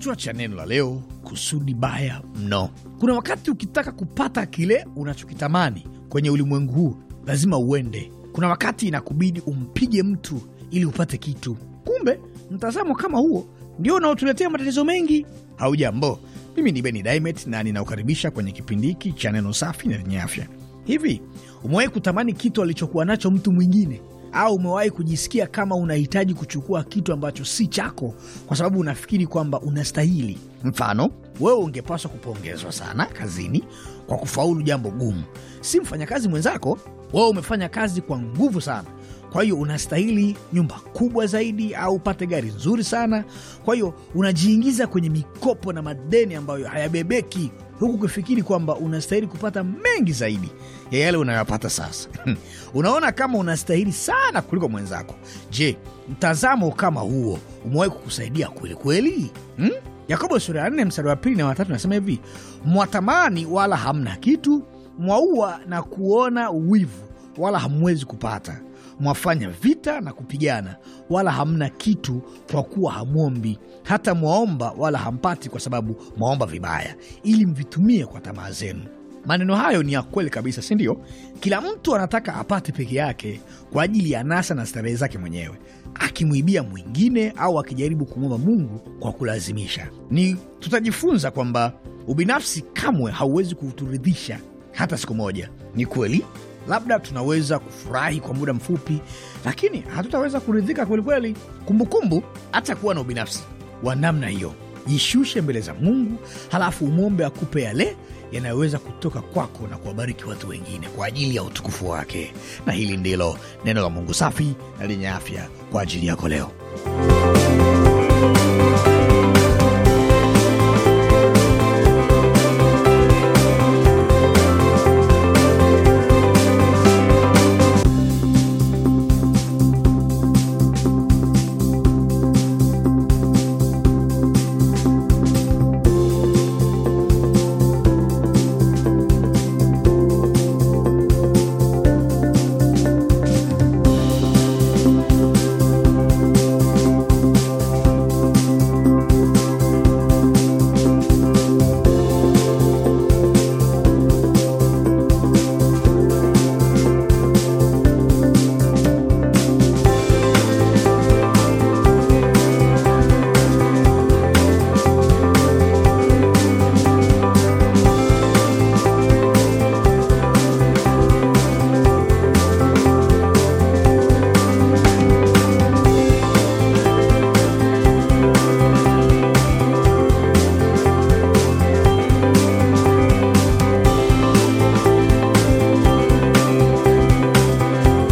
Kichwa cha neno la leo: kusudi baya mno. Kuna wakati ukitaka kupata kile unachokitamani kwenye ulimwengu huu lazima uende. Kuna wakati inakubidi umpige mtu ili upate kitu. Kumbe mtazamo kama huo ndio unaotuletea matatizo mengi. Haujambo, mimi ni Beni Dimet na ninaokaribisha kwenye kipindi hiki cha neno safi na lenye afya. Hivi umewahi kutamani kitu alichokuwa nacho mtu mwingine au umewahi kujisikia kama unahitaji kuchukua kitu ambacho si chako kwa sababu unafikiri kwamba unastahili? Mfano, wewe ungepaswa kupongezwa sana kazini kwa kufaulu jambo gumu, si mfanyakazi mwenzako. Wewe umefanya kazi kwa nguvu sana, kwa hiyo unastahili nyumba kubwa zaidi au upate gari nzuri sana. Kwa hiyo unajiingiza kwenye mikopo na madeni ambayo hayabebeki huku ukifikiri kwamba unastahili kupata mengi zaidi ya yale unayopata sasa. Unaona kama unastahili sana kuliko mwenzako. Je, mtazamo kama huo umewahi kukusaidia kweli kweli? Hmm? Yakobo sura ya 4 msari wa pili na watatu nasema hivi: mwatamani wala hamna kitu, mwaua na kuona uwivu wala hamwezi kupata mwafanya vita na kupigana, wala hamna kitu, kwa kuwa hamwombi. Hata mwaomba, wala hampati, kwa sababu mwaomba vibaya, ili mvitumie kwa tamaa zenu. Maneno hayo ni ya kweli kabisa, si ndio? Kila mtu anataka apate peke yake kwa ajili ya nasa na starehe zake mwenyewe, akimwibia mwingine au akijaribu kumwomba Mungu kwa kulazimisha. Ni tutajifunza kwamba ubinafsi kamwe hauwezi kuturidhisha hata siku moja. Ni kweli labda tunaweza kufurahi kwa muda mfupi, lakini hatutaweza kuridhika kwelikweli. Kumbukumbu hata kuwa na ubinafsi wa namna hiyo, jishushe mbele za Mungu halafu umwombe akupe yale yanayoweza kutoka kwako na kuwabariki watu wengine kwa ajili ya utukufu wake. Na hili ndilo neno la Mungu safi na lenye afya kwa ajili yako leo.